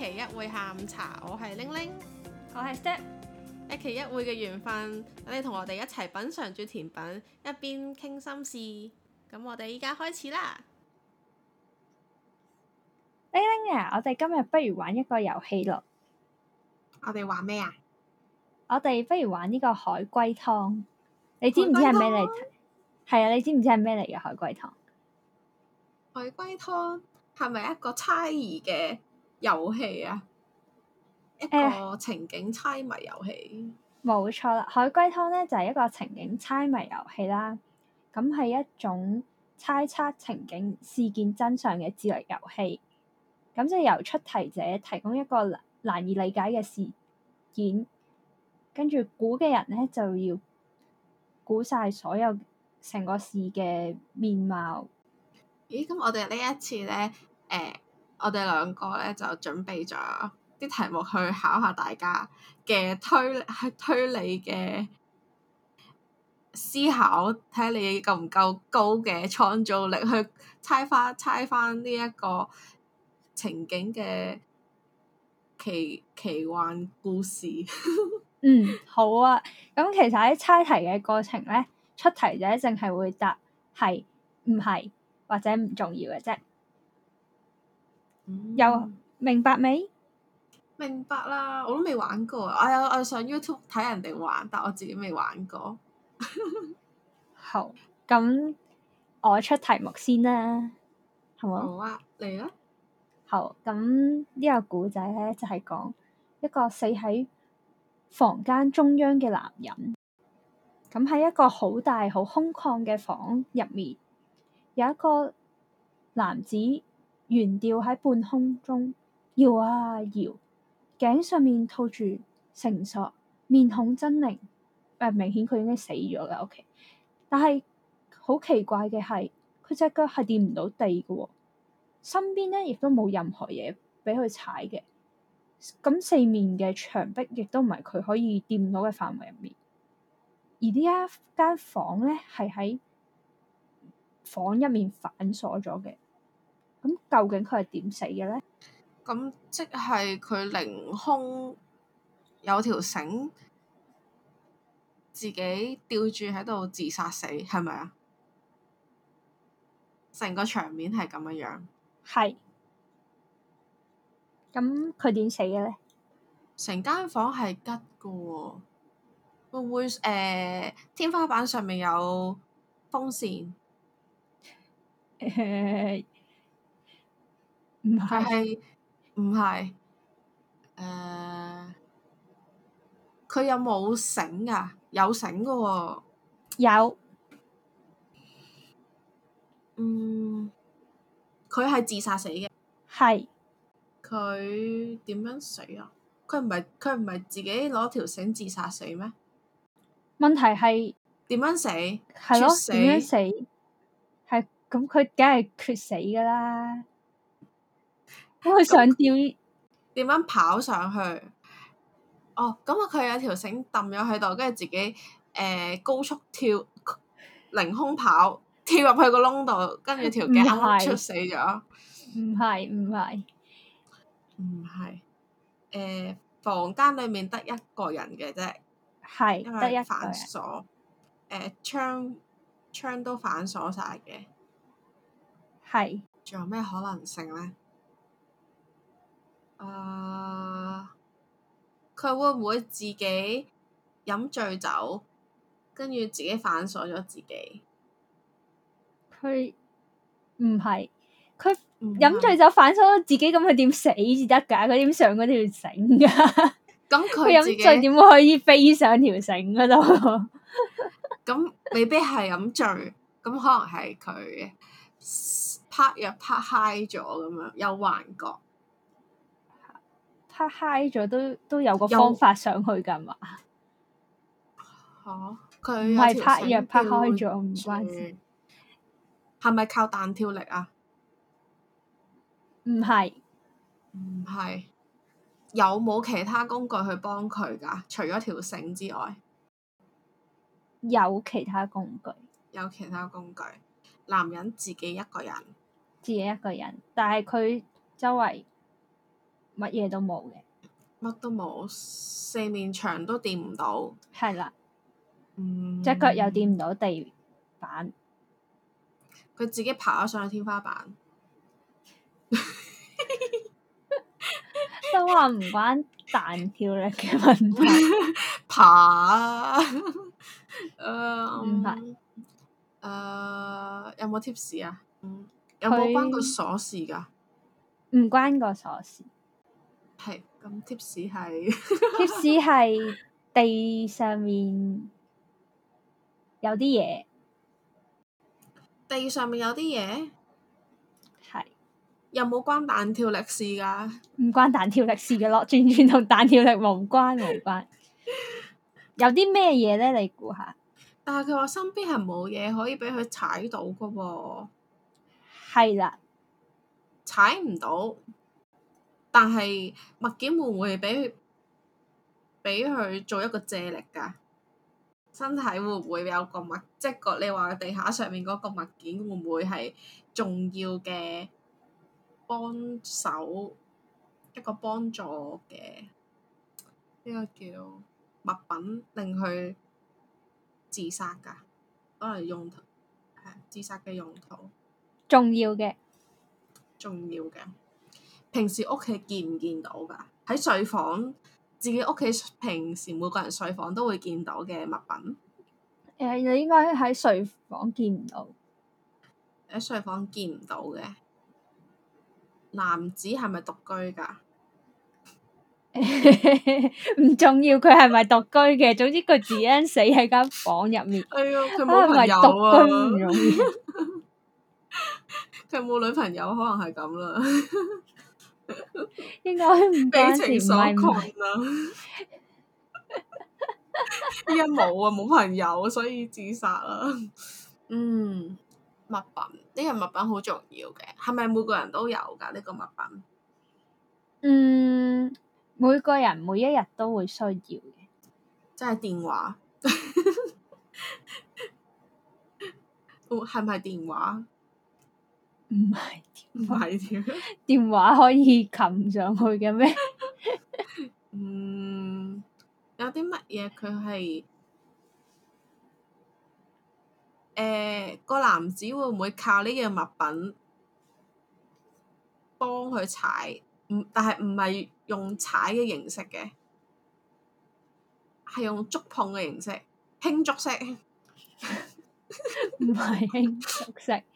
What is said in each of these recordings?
一期一會下午茶，我係玲玲，我係 Step，一期一會嘅緣分，你同我哋一齊品嘗住甜品，一邊傾心事，咁我哋依家開始啦。玲玲啊，我哋今日不如玩一個遊戲咯。我哋玩咩啊？我哋不如玩呢個海龜湯。你知唔知係咩嚟？係啊，你知唔知係咩嚟嘅海龜湯？海龜湯係咪一個猜疑嘅？遊戲啊，一個情景猜謎遊戲。冇錯啦，海龜湯咧就係、是、一個情景猜謎遊戲啦。咁係一種猜測情景事件真相嘅智力遊戲。咁即係由出題者提供一個難，難以理解嘅事件，跟住估嘅人咧就要估晒所有成個事嘅面貌。咦？咁我哋呢一次咧，誒、呃？我哋兩個咧就準備咗啲題目去考下大家嘅推去推理嘅思考，睇下你夠唔夠高嘅創造力去猜翻猜翻呢一個情景嘅奇奇幻故事。 嗯，好啊。咁其實喺猜題嘅過程咧，出題者淨係會答係、唔係或者唔重要嘅啫。有、嗯、明白未？明白啦，我都未玩過啊。我有我上 YouTube 睇人哋玩，但我自己未玩過。 好，咁我出題目先啦，好冇？好啊，嚟啦。好，咁呢個古仔咧就係、是、講一個死喺房間中央嘅男人，咁喺一個好大好空曠嘅房入面，有一個男子，懸吊喺半空中，搖啊搖、啊啊，頸上面套住繩索，面孔猙獰，唔、呃、明顯佢已經死咗啦 OK。但係好奇怪嘅係，佢隻腳係掂唔到地嘅、哦，身邊咧亦都冇任何嘢俾佢踩嘅，咁四面嘅牆壁亦都唔係佢可以掂到嘅範圍入面，而間呢一間房咧係喺房入面反鎖咗嘅。咁究竟佢係點死嘅咧？咁即係佢凌空有條繩，自己吊住喺度自殺死，係咪啊？成個場面係咁嘅樣。係。咁佢點死嘅咧？成間房係吉嘅喎，哦，會唔會誒、呃，天花板上面有風扇。呃係唔係？誒，佢、呃、有冇繩噶？有繩噶喎。有。嗯，佢係自殺死嘅。係是。佢點樣死啊？佢唔係佢唔係自己攞條繩自殺死咩？問題係點樣死？係咯的，點樣死？係咁，佢梗係缺死噶啦。佢想點點樣跑上去？哦、oh,，咁啊，佢有條繩掟咗喺度，跟住自己誒、呃、高速跳、凌空跑，跳入去個窿度，跟住條頸出死咗。唔係唔係唔係，誒、呃，房間裏面得一個人嘅啫，係得是因為 一反鎖，誒、呃，窗窗都反鎖晒嘅，係是。仲有咩可能性咧？啊！佢、uh, 會唔會自己飲醉酒，跟住自己反鎖咗自己？佢唔係佢飲醉酒反鎖咗自己，咁佢點死至得噶？佢點上嗰條繩噶？咁佢飲醉點會可以飛上條繩嗰度？咁 未必係飲醉，咁可能係佢啪藥啪嗨咗咁樣有幻覺。拍嗨咗都都有個方法上去噶嘛？吓，佢唔係拍藥拍開咗唔關事，係咪靠彈跳力啊？唔係唔係有冇其他工具去幫佢噶？除咗條繩之外，有其他工具，有其他工具，男人自己一個人，自己一個人，但係佢周圍。乜嘢都冇嘅，乜都冇，四面牆都掂唔到了，係啦、嗯，隻腳又掂唔到地板，佢自己爬咗上去天花板。 都話唔關彈跳力嘅問題，爬，唔係，誒，有冇貼士啊？有冇、啊、它 關個鎖匙噶？唔關個鎖匙。係，咁 tips 係 tips 係地上面有啲嘢，地上面有啲嘢，係是有冇關彈跳力事㗎？唔關彈跳力事嘅咯，轉轉同彈跳力無關無關， 有啲咩嘢咧？你估下？但係佢話身邊係冇嘢可以畀佢踩到嘅喎，係啦的，踩唔到。但係物件會唔會俾俾佢做一個借力㗎？身體會唔會有個物，即係個你話地下上面嗰個物件會唔會係重要嘅幫手，一個幫助嘅呢個叫物品令佢自殺㗎，可能用自殺嘅用途，重要嘅，重要嘅。平時屋企見唔見到噶？喺睡房自己屋企平時每個人睡房都會見到嘅物品。誒、呃，你應該喺睡房見唔到。喺睡房見唔到嘅男子係咪獨居噶？唔 重要，佢係咪獨居嘅？ 總之佢自己死喺間房入面。哎喲，佢冇朋友。佢冇女朋友，可能係咁啦。 應該唔俾情所困啦。依家冇啊，冇 朋友，所以自殺啦。嗯，物品，呢個物品好重要嘅，係咪每個人都有噶呢個物品？嗯，每個人每一日都會需要嘅。即係電話，係咪係電話？唔係電話， 電話可以擒上去嘅咩？ 嗯，有啲乜嘢，佢係誒，個男子會唔會靠呢樣物品幫佢踩？唔，但係唔係用踩嘅形式嘅，係用觸碰嘅形式，輕觸式。唔 係輕觸式。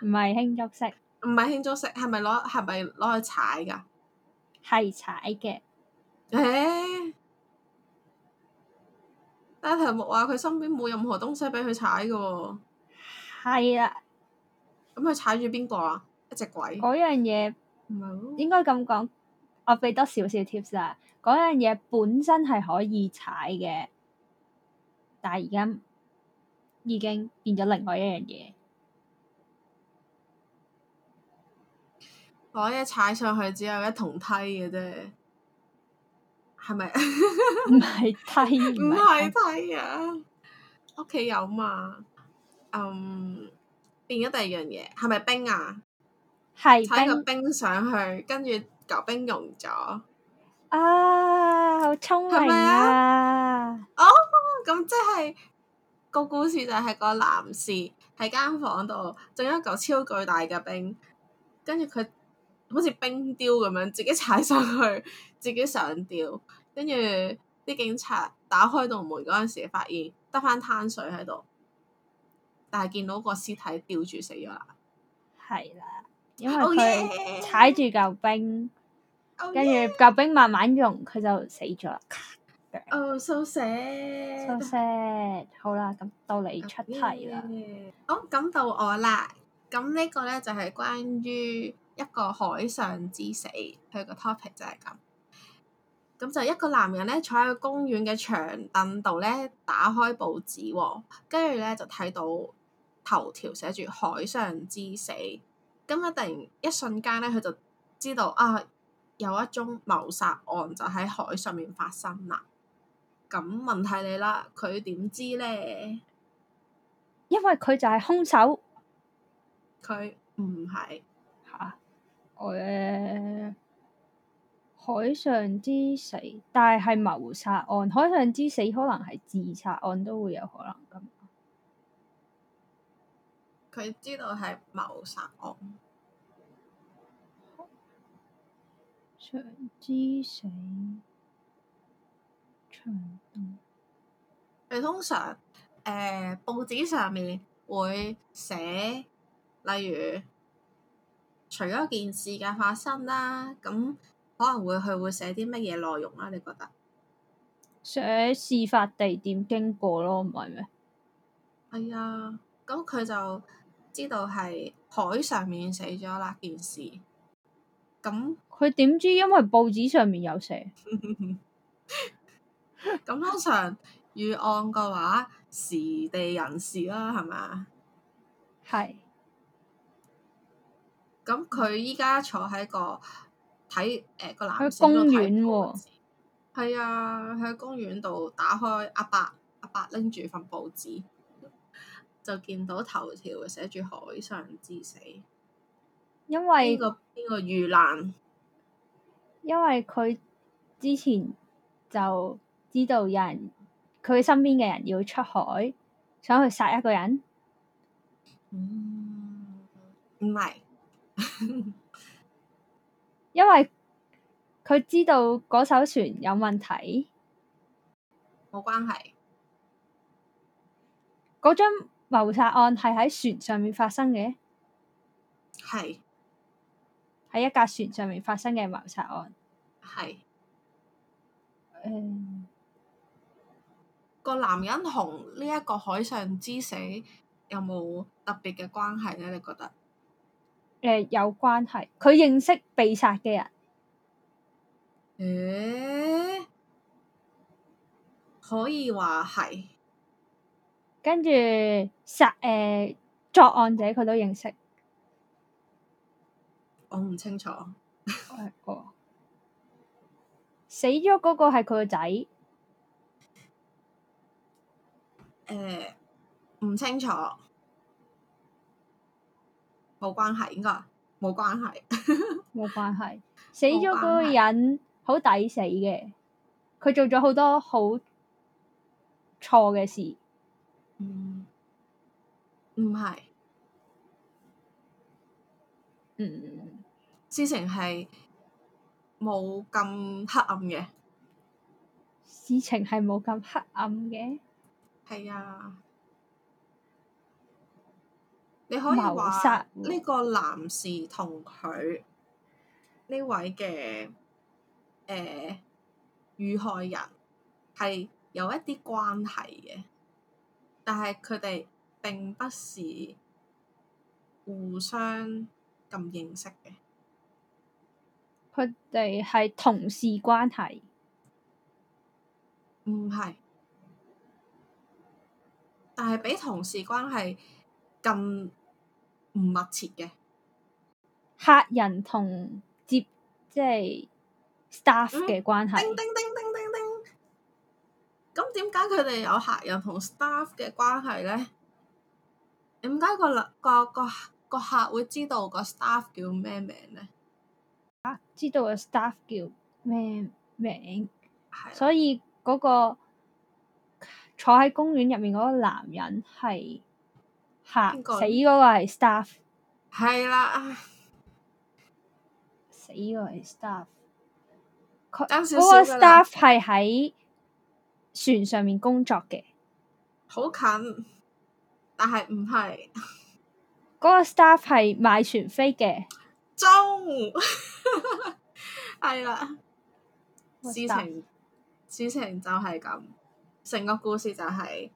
唔係輕觸式，唔係輕觸式，係咪攞係咪攞去踩㗎？係踩嘅。誒、欸，但係題目話佢身邊冇任何東西俾佢踩嘅喎。係啊的。咁佢踩住邊個啊？一隻鬼。嗰樣嘢，唔係，應該咁講，我俾多少少 tips 啦。嗰樣嘢本身係可以踩嘅，但係而家已經變咗另外一樣嘢。攞嘢踩上去只有一同梯嘅啫，係咪唔係梯？唔係梯啊！屋企有嘛？嗯，變咗第二樣嘢，係咪冰啊？係踩個冰上去，跟住嚿冰溶咗啊！好聰明啊！係咪？啊！哦，咁即係個故事就係個男士喺間房度仲有一嚿超巨大嘅冰，跟住佢。好似冰雕咁樣，自己踩上去，自己上吊，跟住啲警察打開道門嗰陣時，發現得翻攤水喺度，但係見到個屍體吊住死咗啦，係啦，因為佢踩住嚿冰，跟住嚿冰慢慢溶，佢就死咗啦。哦，Oh so sad, so sad。好啦，咁到你出題啦。哦，咁到我啦。咁呢個咧就係關於。一個海上之死，佢個 topic 就係咁。咁就一個男人咧，坐喺個公園嘅長凳度咧，打開報紙，哦，跟住咧就睇到頭條寫住海上之死。咁啊，突然一瞬間咧，佢就知道啊，有一宗謀殺案就喺海上面發生啦。咁問題你啦，佢點知咧？因為佢就係兇手，佢唔係。Oh yeah. 海上之死，但係係謀殺案。海上之死可能係自殺案，都會有可能咁。佢知道係謀殺案，上之死，長凳。佢通常誒、呃，報紙上面會寫，例如。除咗件事嘅發生啦，咁可能會去會寫啲乜嘢內容啦，啊？你覺得寫事發地點經過咯，唔係咩？係啊，哎，咁佢就知道係海上面死咗啦。件事咁佢點知？因為報紙上面有寫。咁通 常預案嘅話，時地人事啦，係嘛？係。咁佢依家坐喺個睇，誒、呃、個男公園喎、啊，係啊，喺公園度打開阿伯，阿伯拎住份報紙，就見到頭條寫住海上之死，因為呢、這個呢、這個遇難，因為佢之前就知道有人，佢身邊嘅人要出海，想去殺一個人，唔唔係。 因為佢知道嗰艘船有問題，冇關係。嗰張謀殺案係喺船上面發生嘅，係喺是一架船上面發生嘅謀殺案，係是。誒，個男人同呢一個海上之死有冇特別嘅關係呢？你覺得？誒、呃，有關係，佢認識被殺嘅人。誒、欸，可以話係。跟住殺誒，作案者佢都認識。我唔清楚。 死個死咗嗰個係佢個仔。誒、呃，唔清楚。冇關係，應該冇關係 ，冇關係死。死咗嗰個人好抵死嘅，佢做咗好多好錯嘅事。唔係，嗯，嗯，事情係冇咁黑暗嘅，事情係冇咁黑暗嘅，係啊。你可以話呢個男士同佢呢位嘅誒、呃、遇害人係有一啲關係嘅，但係佢哋並不是互相咁認識嘅。佢哋係同事關係，唔係，但係比同事關係咁唔密切嘅客人同接即係 staff 嘅關係。叮叮叮叮叮叮。咁點解佢哋有客人同 staff 嘅關係咧？點解個客個個個客會知道個 staff 叫咩名咧？啊！知道個 staff 叫咩名？係。所以嗰個坐喺公園入面嗰個男人係。吓哈誰死嗰個係 staff，係啦，了 死個係 staff。嗰個 staff 係喺船上面工作嘅，好近，但係唔係。嗰 個 staff 係買船飛嘅，中，係啦 了 事情，事情就係咁，成個故事就係、是、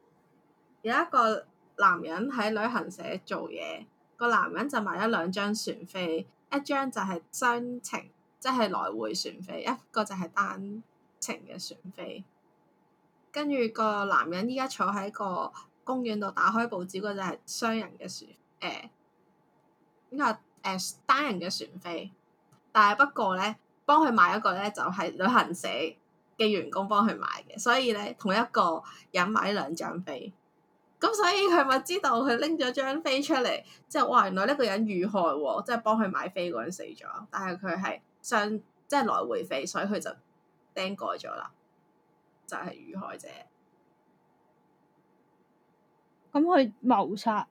有一個。男人喺旅行社做嘢，個男人就買咗兩張船飛，一張就係雙程，即、就、係、是、來回船飛，一個就係單程嘅船飛。跟住個男人依家坐喺個公園度打開報紙，嗰就係、是、雙人嘅船，誒、呃，呢個係誒單人嘅船飛。但係不過咧，幫佢買一個咧就係旅行社嘅員工幫佢買嘅，所以咧同一個人買兩張飛。咁所以佢咪知道佢拎咗張飛出嚟，即係哇！原來呢個人遇害，即係幫佢買飛嗰人死咗。但係佢係想即係來回飛，所以佢就訂改咗啦，就係遇害者。咁佢謀殺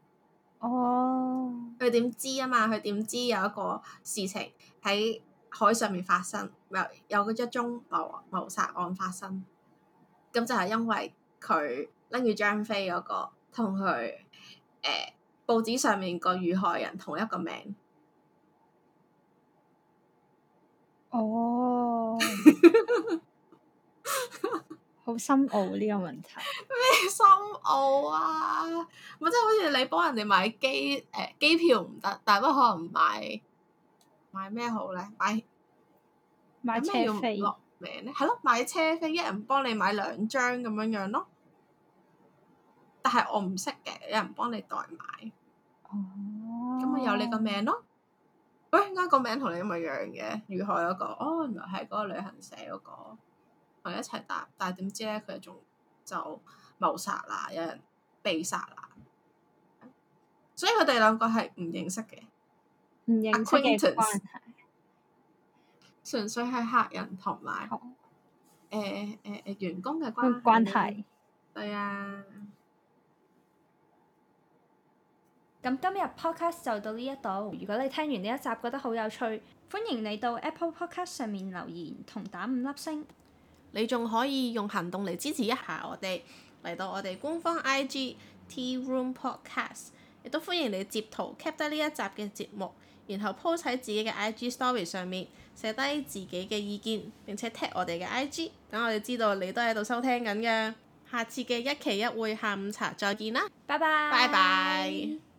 哦？佢、oh. 點知啊？嘛，佢點知有一個事情喺海上面發生，有有一宗謀謀殺案發生。咁就係因為佢拎住張飛嗰個。同佢，誒報紙上面個遇害人同一個名，哦， 好深奧，呢個問題咩深奧啊？唔，即真係好似你幫人哋買機誒機票唔得，但係都可能買買咩好咧？買呢，買，買車費落名咧，係咯？買車飛一人幫你買兩張咁樣樣咯。但係我唔識嘅，有人幫你代買，咁咪、oh. 有你個名咯。喂，oh, 應該個名同你咁係一樣嘅？如何嗰、嗰個？哦，原來係嗰個旅行社嗰、嗰個同一齊搭，但係點知咧佢仲就謀殺啦，有人被殺啦，所以佢哋兩個係唔認識嘅，唔認識嘅關係，純粹係客人同埋誒誒誒員工嘅關關題係，對啊。咁今日 podcast 就到呢一度。如果你聽完呢一集覺得好有趣，歡迎你到 Apple Podcast 上面留言同打五粒星。你仲可以用行動嚟支持一下我哋，嚟到我哋官方 IG Tea Room Podcast，亦都歡迎你截圖，cap 得呢一集嘅節目，然後 post 喺自己嘅 IG Story 上面寫低自己嘅意見，並且 tag 我哋嘅 IG，等我哋知道你都喺度收聽緊嘅。下次嘅一期一會下午茶，再見啦，拜拜，拜拜。